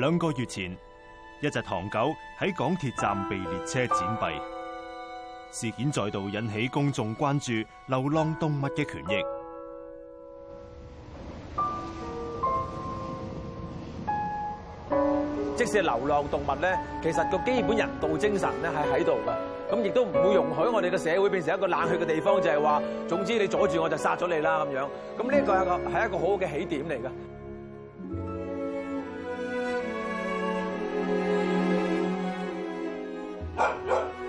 兩個月前，一隻唐狗喺港鐵站被列車輾斃，事件再度引起公眾關注流浪動物嘅權益。即使流浪動物咧，其實個基本人道精神咧係喺度噶，咁亦都唔會容許我哋嘅社會變成一個冷血嘅地方，就係、是、話，總之你阻住我就殺咗你啦咁樣。咁呢一個係一個好好嘅起點嚟嘅。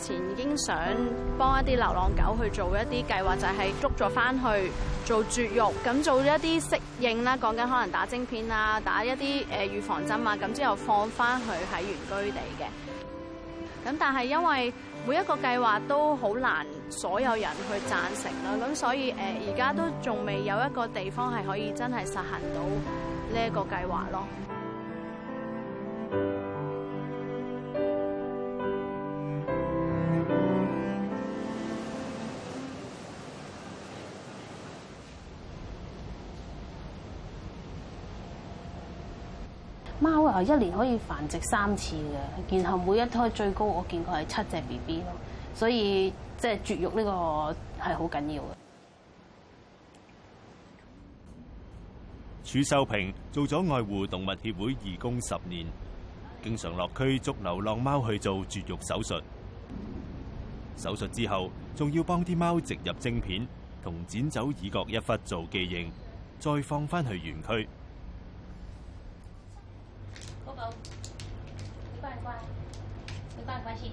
以前已經想幫一啲流浪狗去做一啲計劃，就係捉咗翻去做絕育，咁做一啲適應啦，講緊可能打晶片啊，打一啲誒預防針啊，咁之後放翻去喺原居地嘅。咁但係因為每一個計劃都好難所有人去贊成啦，咁所以誒而家都仲未有一個地方係可以真係實行到呢一個計劃咯。貓啊，一年可以繁殖三次嘅，然後每一胎最高我見佢係七隻 B B 咯，所以即係絕育呢個係好緊要嘅。褚秀平做咗愛護動物協會義工十年，經常落區捉流浪貓去做絕育手術，手術之後仲要幫啲貓植入晶片，同剪走耳角一忽做記認，再放返去園區。乖乖，你乖乖先。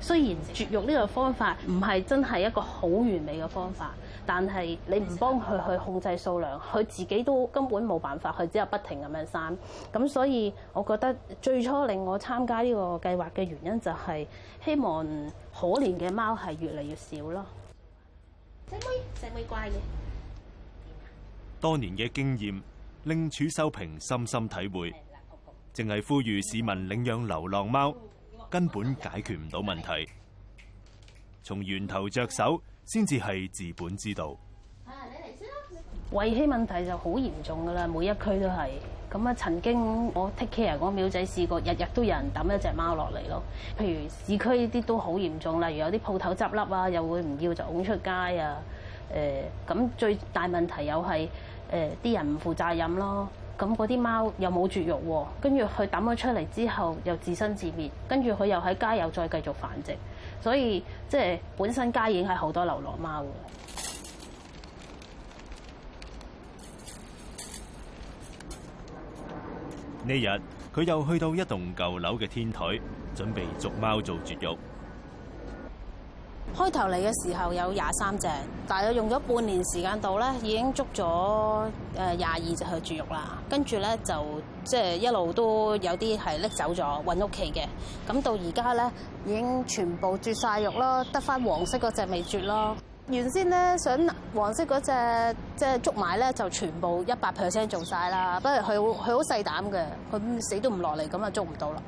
雖然絕育呢個方法唔係真係一個好完美嘅方法，但係你唔幫佢去控制數量，佢自己都根本冇辦法，佢只有不停咁樣生。咁所以我覺得最初令我參加呢個計劃嘅原因就係希望可憐嘅貓係越嚟越少咯。細妹，細妹乖嘅。多年嘅經驗。令褚秀平深深體會，淨係呼籲市民領養流浪貓，根本解決唔到問題。從源頭着手，先至係治本之道。啊，你嚟先啦！遺棄問題就好嚴重噶啦，每一區都係。咁啊，曾經我 take care 嗰個廟仔試過，日日都有人抌一隻貓落嚟咯。譬如市區呢啲都好嚴重，例如有啲鋪頭執笠啊，又會唔要就㧬出街啊。誒，咁最大問題又係。誒啲人唔負責任咯，咁嗰啲貓又冇絕育喎，跟住佢抌咗出嚟之後又自生自滅，跟住佢又喺街又再繼續繁殖，所以即係本身街已經係好多流浪貓喎。呢日佢又去到一棟舊樓嘅天台，準備捉貓做絕育。開頭嚟嘅時候有廿三隻，但係用咗半年時間到咧，已經捉咗誒廿二隻去絕育啦。跟住咧就即係、就是、一路都有啲係拎走咗，搵屋企嘅。咁到而家咧，已經全部絕晒育囉，得返黃色嗰隻未絕咯。原先咧想黃色嗰隻即係捉埋咧，就全部一百 percent 做晒啦。不過佢佢好細膽嘅，佢死都唔落嚟，咁啊捉唔到啦。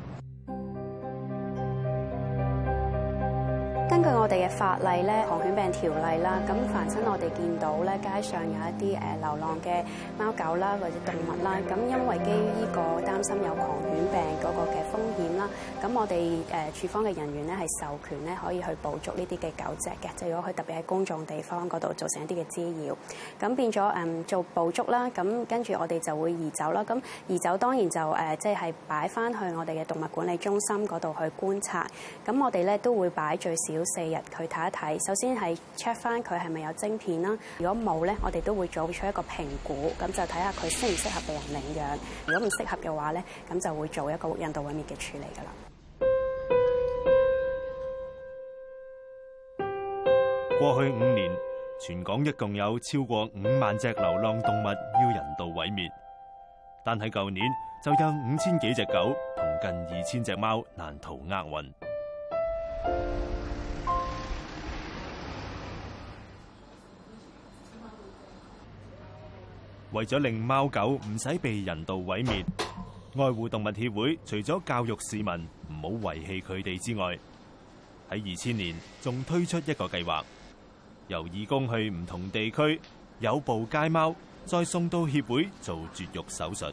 根據我哋嘅法例咧，狂犬病條例啦，咁凡親我哋見到咧，街上有一啲誒流浪嘅貓狗啦，或者動物啦，咁因為基於呢個擔心有狂犬病嗰個嘅風險啦，咁我哋誒處方嘅人員咧係授權咧可以去捕捉呢啲嘅狗隻嘅，就如果佢特別喺公眾地方嗰度造成一啲嘅滋擾，咁變咗誒做捕捉啦，咁跟住我哋就會移走啦，咁移走當然就誒即係擺翻去我哋嘅動物管理中心嗰度去觀察，咁我哋咧都會擺最少四日佢睇一睇，首先係 check 翻佢係咪有晶片啦。如果冇呢，我哋都會做出一個評估，咁就睇下佢適唔適合被人領養。如果唔適合嘅話呢，咁就會做一個人道毀滅嘅處理噶啦。過去五年，全港一共有超過五萬隻流浪動物要人道毀滅，但喺舊年就有五千幾隻狗同近二千隻貓難逃厄運。為咗令貓狗唔使被人道毀滅，愛護動物協會除咗教育市民唔好遺棄佢哋之外，喺二千年仲推出一個計劃，由義工去唔同地區，誘捕街貓，再送到協會做絕育手術。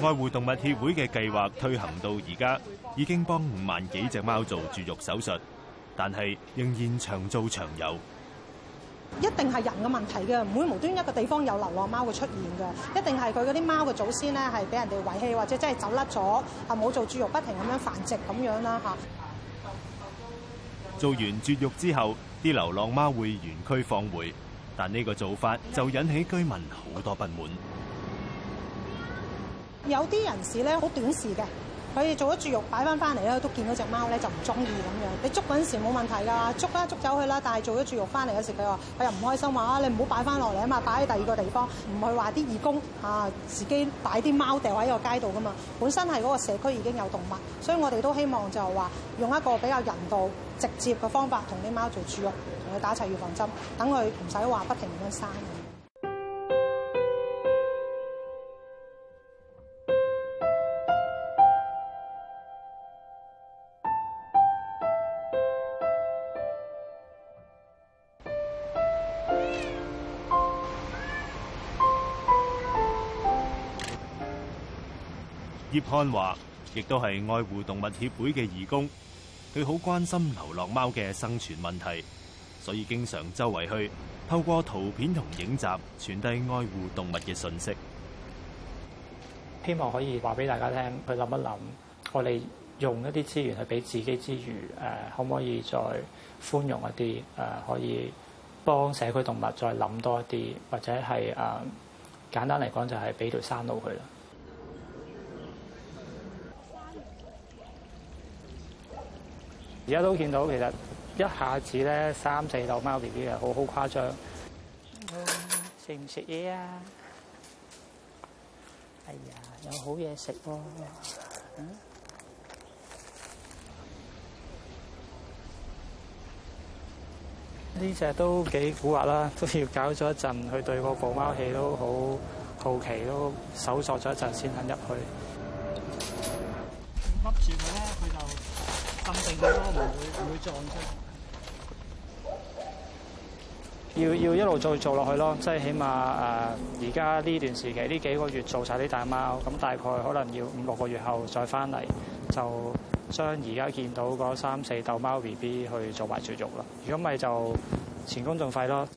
愛護動物協會嘅計劃推行到而家，已經幫五萬幾隻貓做絕育手術，但係仍然長做長有。一定係人嘅問題嘅，唔會無端一個地方有流浪貓會出現嘅。一定係佢嗰啲貓嘅祖先呢係俾人哋遺棄或者真係走甩咗，啊冇做絕育，不停咁樣繁殖咁樣啦吓。做完絕育之後，啲流浪貓會原區放回，但呢個做法就引起居民好多不滿。有啲人士咧好短視嘅，佢做咗絕育擺翻翻嚟咧都見到隻貓咧就唔中意咁樣。你捉嗰陣時冇問題㗎，捉啦捉走佢啦。但係做咗絕育翻嚟嘅時，佢話佢又唔開心話啊，你唔好擺翻落嚟啊嘛，擺喺第二個地方。唔去話啲義工啊，自己擺啲貓掉喺個街度㗎嘛。本身係嗰個社區已經有動物，所以我哋都希望就係話用一個比較人道直接嘅方法同啲貓做絕育，同佢打齊預防針，等佢唔使話不停咁樣生。安華亦都係愛護動物協會嘅義工，佢好關心流浪貓嘅生存問題，所以經常周圍去，透過圖片同影集傳遞愛護動物嘅信息。希望可以話俾大家聽，去諗一諗，我哋用一啲資源去俾自己之餘，誒，可唔可以再寬容一啲？誒，可以幫社區動物再諗多一啲，或者係誒，簡單嚟講就係俾條生路佢啦。而家都見到，其實一下子咧三四竇貓 B B 啊，好好誇張。食唔食嘢啊？哎呀，有好嘢食喎！呢隻都幾蠱惑啦，都要搞咗一陣，佢對個捕貓器都好好奇，都搜索咗一陣先肯入去。笠住佢咧，佢就～肯定嘅咯，唔會，會撞出。要要一路做做落去咯，即係起碼誒，而家呢段時期呢幾個月做晒啲大貓，咁大概可能要五六個月後再翻嚟，就將而家見到嗰三四竇貓 B B 去做埋絕育啦。如果唔係就前功盡廢咯。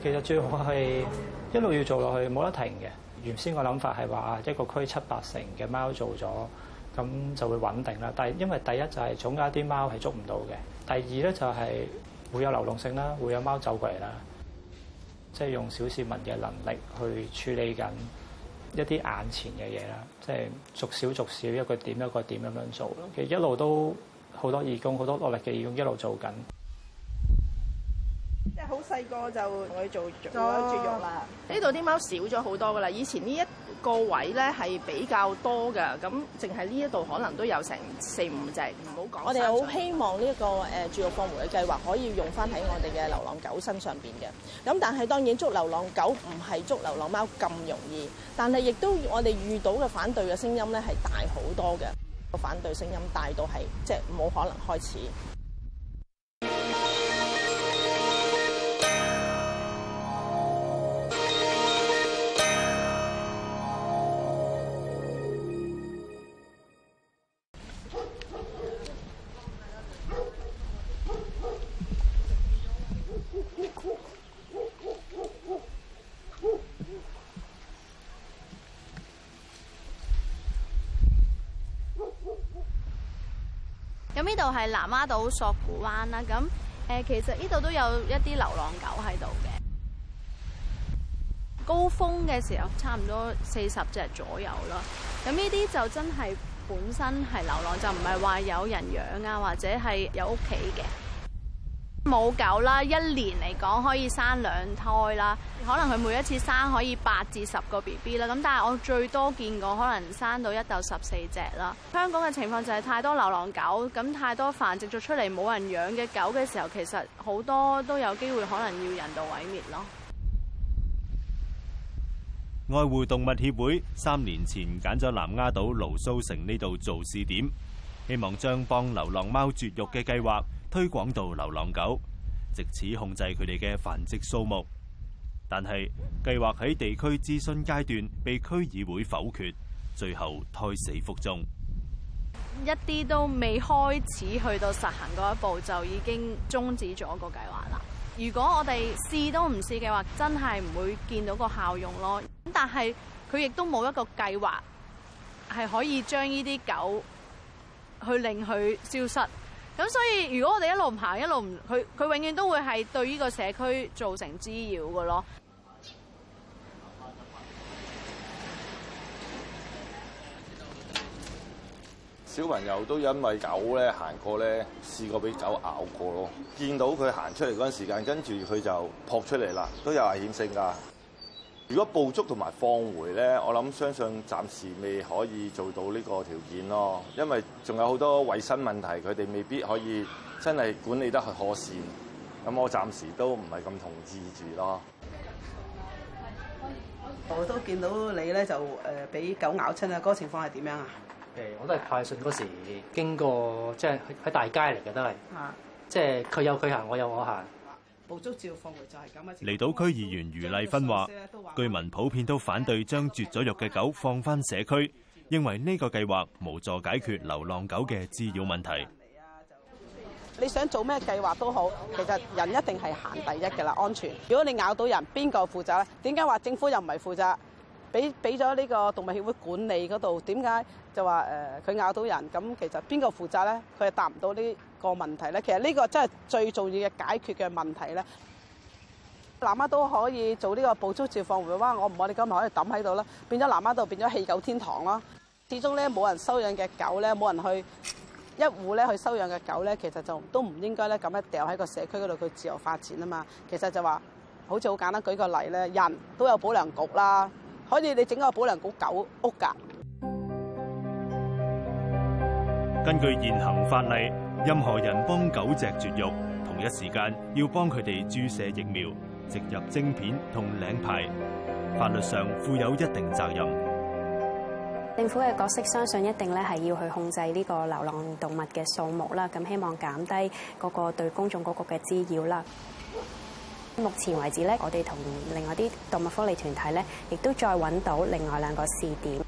其實最好係一路要做落去，冇得停嘅。原先個諗法係話一個區七八成嘅貓做咗，咁就會穩定啦。但係因為第一就係總有一啲貓係捉唔到嘅，第二咧就係會有流動性啦，會有貓走過嚟啦。即係用小市民嘅能力去處理緊一啲眼前嘅嘢啦，即係逐少逐少一個點一個點咁樣做。其實一路都好多義工好多落力嘅義工一路做緊。好細個就同佢做做絕育啦。呢度啲貓少咗好多噶啦，以前呢一個位咧係比較多噶，咁淨係呢一度可能都有成四五隻。唔好講，我哋好希望呢一個誒絕育放回嘅計劃可以用翻喺我哋嘅流浪狗身上邊嘅。咁但係當然捉流浪狗唔係捉流浪貓咁容易，但係亦都我哋遇到嘅反對嘅聲音咧係大好多嘅。反對聲音大到係即係冇可能開始。係南丫島索罟灣啦，咁誒、呃，其實呢度都有一啲流浪狗喺度嘅。高峰嘅時候差唔多四十隻左右啦，咁呢啲就真係本身係流浪，就唔係話有人養啊，或者係有屋企嘅。冇狗啦，一年嚟講可以生兩胎啦，可能佢每一次生可以八至十個 BB 啦，咁但係我最多見過可能生到一到十四隻啦。香港嘅情況就係太多流浪狗，咁太多繁殖咗出嚟冇人養嘅狗嘅時候，其實好多都有機會可能要人道毀滅咯。愛護動物協會三年前揀咗南丫島盧鬚城呢度做試點，希望將幫流浪貓絕育嘅計劃。推廣到流浪狗，藉此控制佢哋嘅繁殖數目。但係計劃喺地區諮詢階段被區議會否決，最後胎死腹中。一啲都未開始去到實行嗰一步，就已經終止咗個計劃啦。如果我哋試都唔試嘅話，真係唔會見到個效用咯。但係佢亦都冇一個計劃係可以將呢啲狗去令佢消失。咁所以，如果我哋一路唔行，一路唔佢佢，永遠都會係對呢個社區造成滋擾嘅咯。小朋友都因為狗咧行過咧，試過俾狗咬過咯。見到佢行出嚟嗰陣時間，跟住佢就撲出嚟啦，都有危險性㗎。如果捕捉同埋放回咧，我諗相信暫時未可以做到呢個條件咯，因為仲有好多衛生問題，佢哋未必可以真係管理得去妥善，咁我暫時都唔係咁同志住咯。我都見到你咧就誒俾狗咬親啊，嗰、嗰個情況係點樣啊？誒，我都係派信嗰時經過，即係喺喺大街嚟嘅都係。啊，即係佢有佢行，我有我行。嚟到區議員余麗芬話，居民普遍都反對將絕咗育嘅狗放翻社區，認為呢個計劃無助解決流浪狗嘅滋擾問題。你想做咩計劃都好，其實人一定係行第一㗎啦，安全。如果你咬到人，邊個負，負責？點解話政府又唔係負責？俾俾咗呢個動物協會管理嗰度，點解就話誒佢咬到人？咁其實邊個負責咧？佢又答唔到呢個問題咧。其實呢個真係最重要嘅解決嘅問題咧，南丫都可以做呢個捕捉絕育放回哇，我唔可你今日可以抌喺度啦，變咗南丫度變咗棄狗天堂咯。始終咧冇人收養嘅狗咧，冇人去一戶咧去收養嘅狗咧，其實就都唔應該咧咁樣掉喺個社區嗰度佢自由發展啊嘛。其實就話好似好簡單，舉個例咧，人都有保良局啦。可以，你整個保良局狗屋㗎。根據現行法例，任何人幫狗隻絕育，同一時間要幫佢哋注射疫苗、植入晶片同領牌，法律上負有一定責任。政府嘅角色，相信一定咧係要去控制呢個流浪動物嘅數目啦。咁希望減低嗰個對公眾嗰個嘅滋擾啦。目前為止咧，我哋同另外啲動物福利團體咧，亦都再揾到另外兩個試點，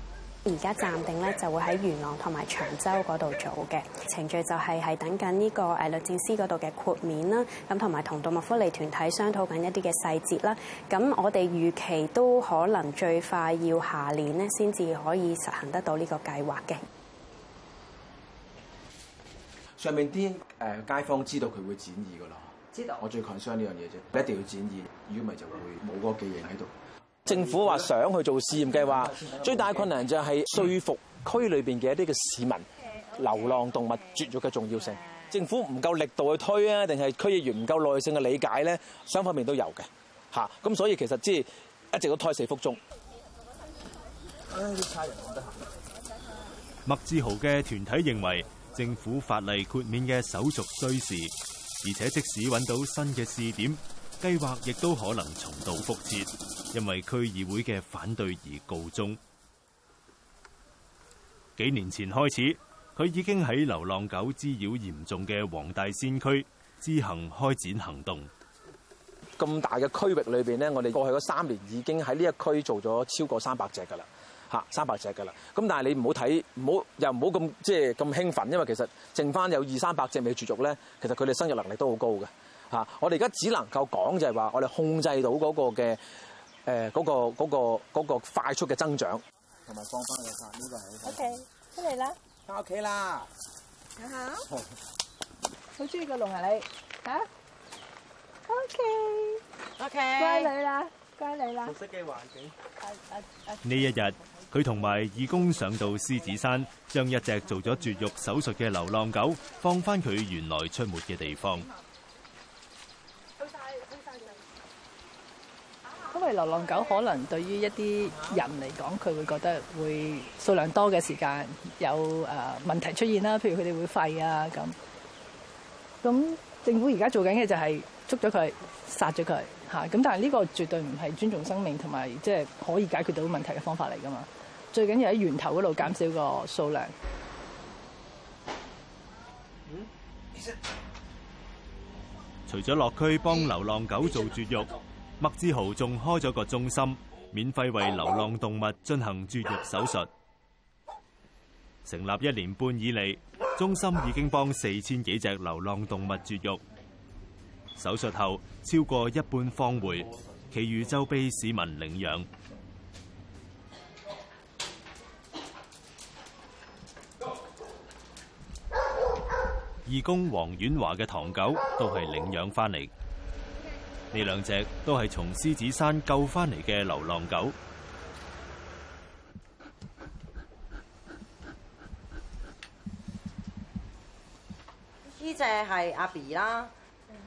而家暫定咧就會喺元朗同埋長洲嗰度做嘅程序，就係係等緊呢個誒律政司嗰度嘅豁免啦，咁同埋同動物福利團體商討緊一啲嘅細節啦。咁我哋預期都可能最快要下年咧先至可以實行得到呢個計劃嘅。上面啲誒街坊知道佢會展議㗎喇。知道我最 concern 呢樣嘢啫，不一定要展現，如果唔係就會冇嗰個記憶喺度。政府話想去做試驗嘅話，嗯、最大困難就係説服區裏邊嘅一啲嘅市民，流浪動物絕育嘅重要性。嗯、政府唔夠力度去推啊，定係區議員唔夠耐性嘅理解咧？雙方面都有嘅嚇。咁、啊、所以其實即係一直都胎死腹中。麥志豪嘅團體認為，政府法例豁免嘅手續需時。而且，即使揾到新嘅試點計劃，亦都可能重蹈覆轍，因為區議會嘅反對而告終。幾年前開始，佢已經喺流浪狗滋擾嚴重嘅黃大仙區自行開展行動。咁大嘅區域裏邊咧，我哋過去嗰三年已經喺呢一區做咗超過三百隻噶啦。嚇三百隻嘅啦，咁但係你唔好睇，唔好又唔好咁即係咁興奮，因為其實剩翻有二三百隻未絕育咧，其實佢哋生育能力都好高嘅。嚇，我哋而家只能夠講就係話，我哋控制到嗰個嘅誒嗰個嗰個嗰個快速嘅增長，同埋放翻佢嘅價呢個。O K，出嚟啦，翻屋企啦，等下，好中意個龍啊你嚇，O K，O K，乖女啦，乖女啦，熟悉嘅環境。呢一日。佢同埋義工上到獅子山，將一隻做咗絕育手術嘅流浪狗放返佢原來出沒嘅地方。因為流浪狗可能對於一啲人嚟講，佢會覺得會數量多嘅時間有誒問題出現啦，譬如佢哋會吠啊咁。咁政府而家做緊嘅就係捉咗佢，殺咗佢吓。咁但係呢個絕對唔係尊重生命同埋即係可以解決到問題嘅方法嚟㗎嘛。最緊要喺源頭嗰度減少個數量。除咗落區幫流浪狗做絕育，麥志豪仲開咗個中心，免費為流浪動物進行絕育手術。成立一年半以嚟，中心已經幫四千幾隻流浪動物絕育。手術後，超過一半放回，其餘就被市民領養。義工黃婉華嘅唐狗都係領養翻嚟，呢兩隻都係從獅子山救翻嚟嘅流浪狗。呢隻係阿 B 啦，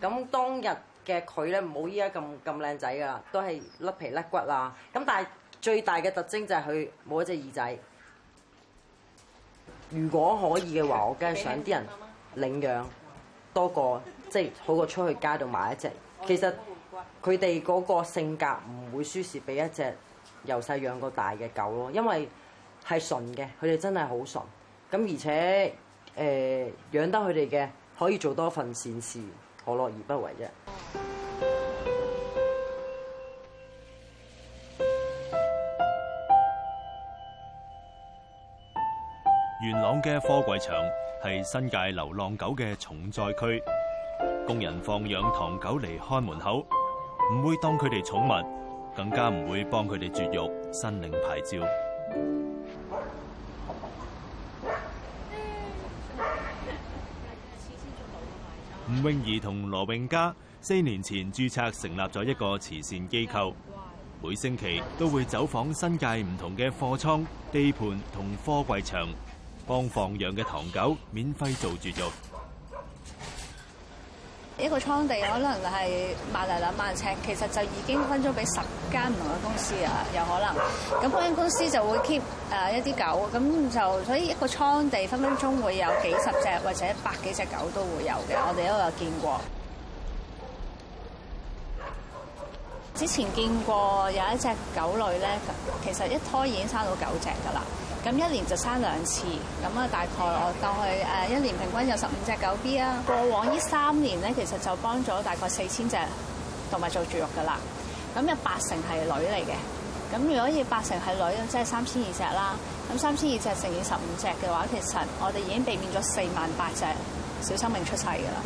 咁當日嘅佢咧，唔好依家咁咁靚仔，噶，都係甩皮甩骨啦。咁但係最大嘅特徵就係佢冇一隻耳仔。如果可以嘅話，我梗係想啲人。領養多過即係好過出去街度買一隻，其實佢哋嗰個性格唔會輸蝕俾一隻由細養到大嘅狗咯，因為係純嘅，佢哋真係好純。咁而且誒養、呃、得佢哋嘅可以做多一份善事，何樂而不為啫？嘅貨櫃場係新界流浪狗嘅重災區，工人放養唐狗嚟看門口，唔會當佢哋寵物，更加唔會幫佢哋絕育、申領牌照。吳詠儀同羅詠嘉四年前注冊成立咗一個慈善機構，每星期都會走訪新界唔同嘅貨倉、地盤同貨櫃場。幫放養嘅唐狗免費做絕育。一個倉地可能係萬嚟兩萬尺，其實就已經分咗俾十間唔同嘅公司啊，有可能。咁保險公司就會 keep 誒一啲狗，咁就所以一個倉地分分鐘會有幾十隻或者百幾隻狗都會有嘅。我哋都有見過。之前見過有一隻狗類咧，其實一胎已經生到九隻噶啦。咁一年就生兩次，咁啊大概我當佢一年平均有十五隻狗 B 啦。過往呢三年咧，其實就幫咗大概四千隻動物做絕育噶啦。咁有八成係女嚟嘅，咁如果以八成係女，即係三千二隻啦。咁三千二隻乘以十五隻嘅話，其實我哋已經避免咗四萬八隻小生命出世噶啦。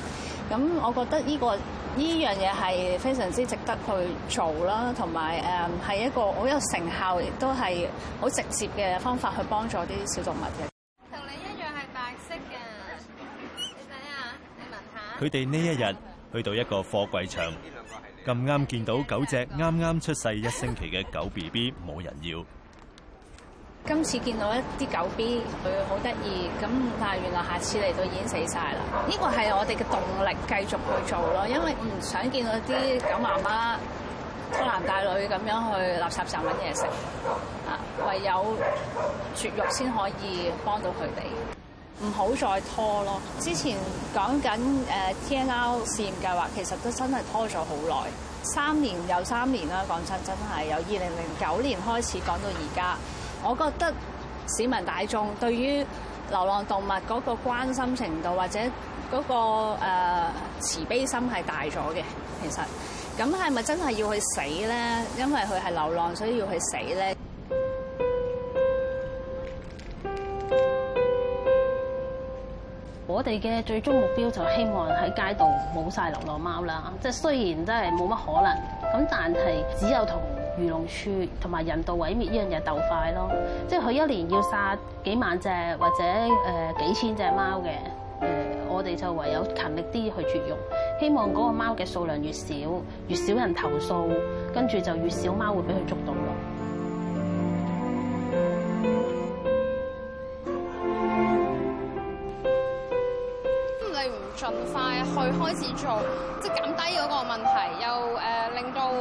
咁我覺得呢個呢樣嘢係非常之值得去做啦，同埋誒係一個好有成效，亦都係好直接嘅方法去幫助啲小動物嘅。同你一樣係白色㗎，你睇啊，你聞下。佢哋呢一日去到一個貨櫃場，咁啱見到九隻啱啱出世一星期嘅狗 BB，冇人要。今次見到一啲狗 B，佢好得意咁，但係原來下次嚟到已經死晒啦。呢個係我哋嘅動力，繼續去做咯，因為唔想見到啲狗媽媽拖男帶女咁樣去垃圾站搵嘢食啊，唯有絕育先可以幫到佢哋。唔好再拖咯！之前講緊誒 T N L 試驗計劃，其實都真係拖咗好耐，三年又三年啦。講真，真係由二零零九年開始講到而家。我覺得市民大眾對於流浪動物嗰個關心程度或者嗰個、呃、慈悲心係大咗嘅，其實咁係咪真係要去死咧？因為佢係流浪，所以要去死咧？我哋嘅最終目標就希望喺街度冇晒流浪貓啦。即係雖然真係冇乜可能，咁但係只有同。漁農處同埋人道毀滅呢樣嘢鬥快咯，即係佢一年要殺幾萬隻或者誒幾千隻貓嘅誒，我哋就唯有勤力啲去絕育，希望嗰個貓嘅數量越少，越少人投訴，跟住就越少貓會俾佢捉到。盡快去開始做，即係減低嗰個問題，又、呃、令到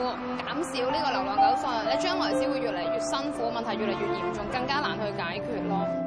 減少呢個流浪狗數量。你將來只會越嚟越辛苦，問題越嚟越嚴重，更加難去解決咯。